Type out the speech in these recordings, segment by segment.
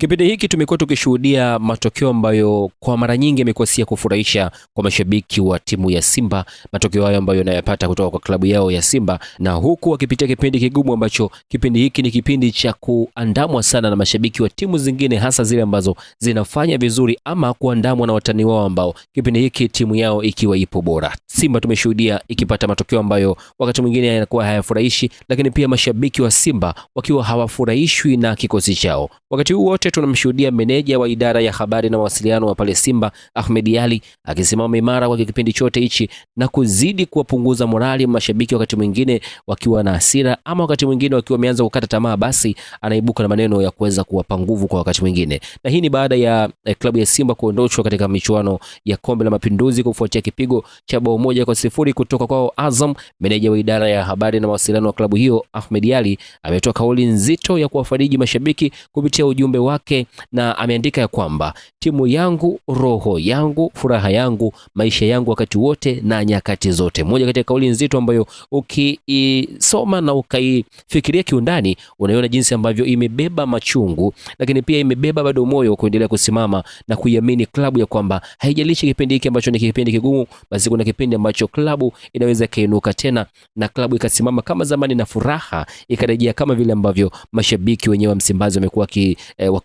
Kipindi hiki tumekuwa tukishuhudia matokeo ambayo kwa mara nyingi yamekuwa si ya kufurahisha kwa mashabiki wa timu ya Simba, matokeo hayo ambayo yanayopata kutoka kwa klabu yao ya Simba, na huku wakipitia kipindi kigumu ambacho kipindi hiki ni kipindi cha kuandamwa sana na mashabiki wa timu zingine, hasa zile ambazo zinafanya vizuri ama kuandamwa na watani wao ambao kipindi hiki timu yao ikiwa ipo bora. Simba tumeshuhudia ikipata matokeo ambayo wakati mwingine yanakuwa hayafurahishi, lakini pia mashabiki wa Simba wakiwa hawafurahishwi na kikosi chao wakati huu wote kisha tunamshuhudia meneja wa idara ya habari na mawasiliano wa pale Simba Ahmed Ally akisimama imara kwa kipindi chote hichi na kuzidi kuwapunguza morali mashabiki, wakati mwingine wakiwa na hasira ama wakati mwingine wakiwa wameanza kukata tamaa, basi anaibuka na maneno ya kuweza kuwapa nguvu kwa wakati mwingine. Na hii ni baada ya eh, klabu ya Simba kuondoshwa katika michuano ya Kombe la Mapinduzi kufuatia kipigo cha bao moja kwa sifuri kutoka kwao Azam. Meneja wa idara ya habari na mawasiliano wa klabu hiyo Ahmed Ally ametoa kauli nzito ya kuwafariji mashabiki kupitia ujumbe wake wake, na ameandika ya kwamba timu yangu, roho yangu, furaha yangu, maisha yangu, wakati wote na nyakati zote. Moja kati ya kauli nzito ambayo ukiisoma na ukaifikiria kiundani, unaiona jinsi ambavyo imebeba machungu, lakini pia imebeba bado moyo kuendelea kusimama na kuiamini klabu ya kwamba haijalishi kipindi hiki ambacho ni kipindi kigumu, basi kuna kipindi ambacho klabu inaweza ikainuka tena na klabu ikasimama kama zamani na furaha ikarejea kama vile ambavyo mashabiki wenyewe wa Msimbazi wamekuwa eh,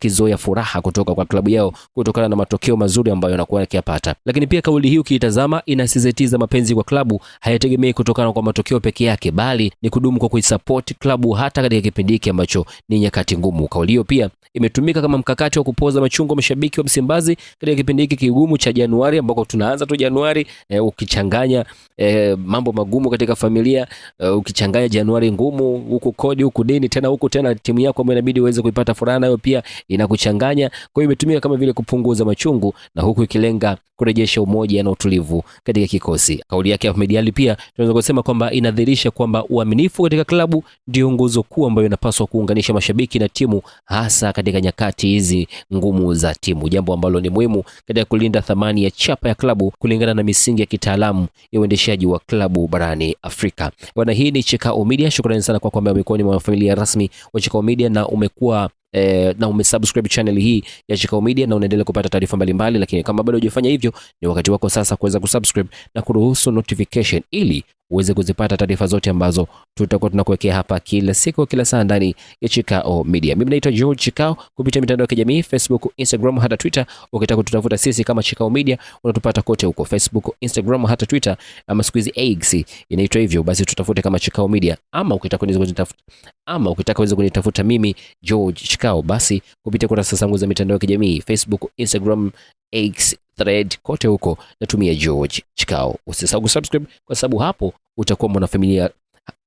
wakizoea furaha kutoka kwa klabu yao kutokana na matokeo mazuri ambayo yanakuwa yakiyapata. Lakini pia kauli hii ukiitazama, inasisitiza mapenzi kwa klabu hayategemei kutokana kwa matokeo peke yake, bali ni kudumu kwa kuisapoti klabu hata katika kipindi hiki ambacho ni nyakati ngumu. Kauli hiyo pia imetumika kama mkakati wa kupoza machungu wa mashabiki wa Msimbazi katika kipindi hiki kigumu cha Januari, ambako tunaanza tu Januari e, ukichanganya e, mambo magumu katika familia e, ukichanganya Januari ngumu, huku kodi, huku deni, tena huku tena timu yako ambayo inabidi uweze kuipata furaha nayo pia inakuchanganya. Kwa hiyo imetumika kama vile kupunguza machungu na huku ikilenga kurejesha umoja na utulivu katika kikosi. Kauli yake Ahmed Ally pia tunaweza kusema kwamba inadhihirisha kwamba uaminifu katika klabu ndio nguzo kuu ambayo inapaswa kuunganisha mashabiki na timu, hasa katika nyakati hizi ngumu za timu, jambo ambalo ni muhimu katika kulinda thamani ya chapa ya klabu kulingana na misingi ya kitaalamu ya uendeshaji wa klabu barani Afrika. Bwana, hii ni Chikao Media. Shukrani sana kwa kwamba umekuwa ni mwanafamilia rasmi wa Chikao Media na umekuwa eh, na umesubscribe channel hii ya Shikao Media na unaendelea kupata taarifa mbalimbali, lakini kama bado hujafanya hivyo, ni wakati wako sasa kuweza kusubscribe na kuruhusu notification ili uweze kuzipata taarifa zote ambazo tutakuwa tunakuwekea hapa kila siku kila saa ndani ya Chikao Media. Mimi naitwa George Chikao kupitia mitandao ya kijamii Facebook, Instagram hata Twitter. Ukitaka kututafuta sisi kama Chikao Media unatupata kote huko Facebook, Instagram hata Twitter, ama siku hizi X inaitwa hivyo, basi tutafute kama Chikao Media, ama ukitaka uweze kunitafuta mimi George Chikao, basi kupitia kurasa zangu za mitandao ya kijamii Facebook, Instagram, X thread kote huko natumia George Chikao. Usisahau kusubscribe kwa sababu hapo utakuwa mwanafamilia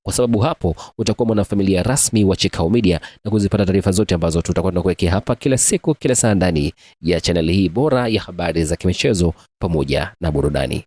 kwa sababu hapo utakuwa mwanafamilia rasmi wa Chikao Media na kuzipata taarifa zote ambazo tutakuwa tunakuwekea hapa kila siku, kila saa ndani ya chaneli hii bora ya habari za kimichezo pamoja na burudani.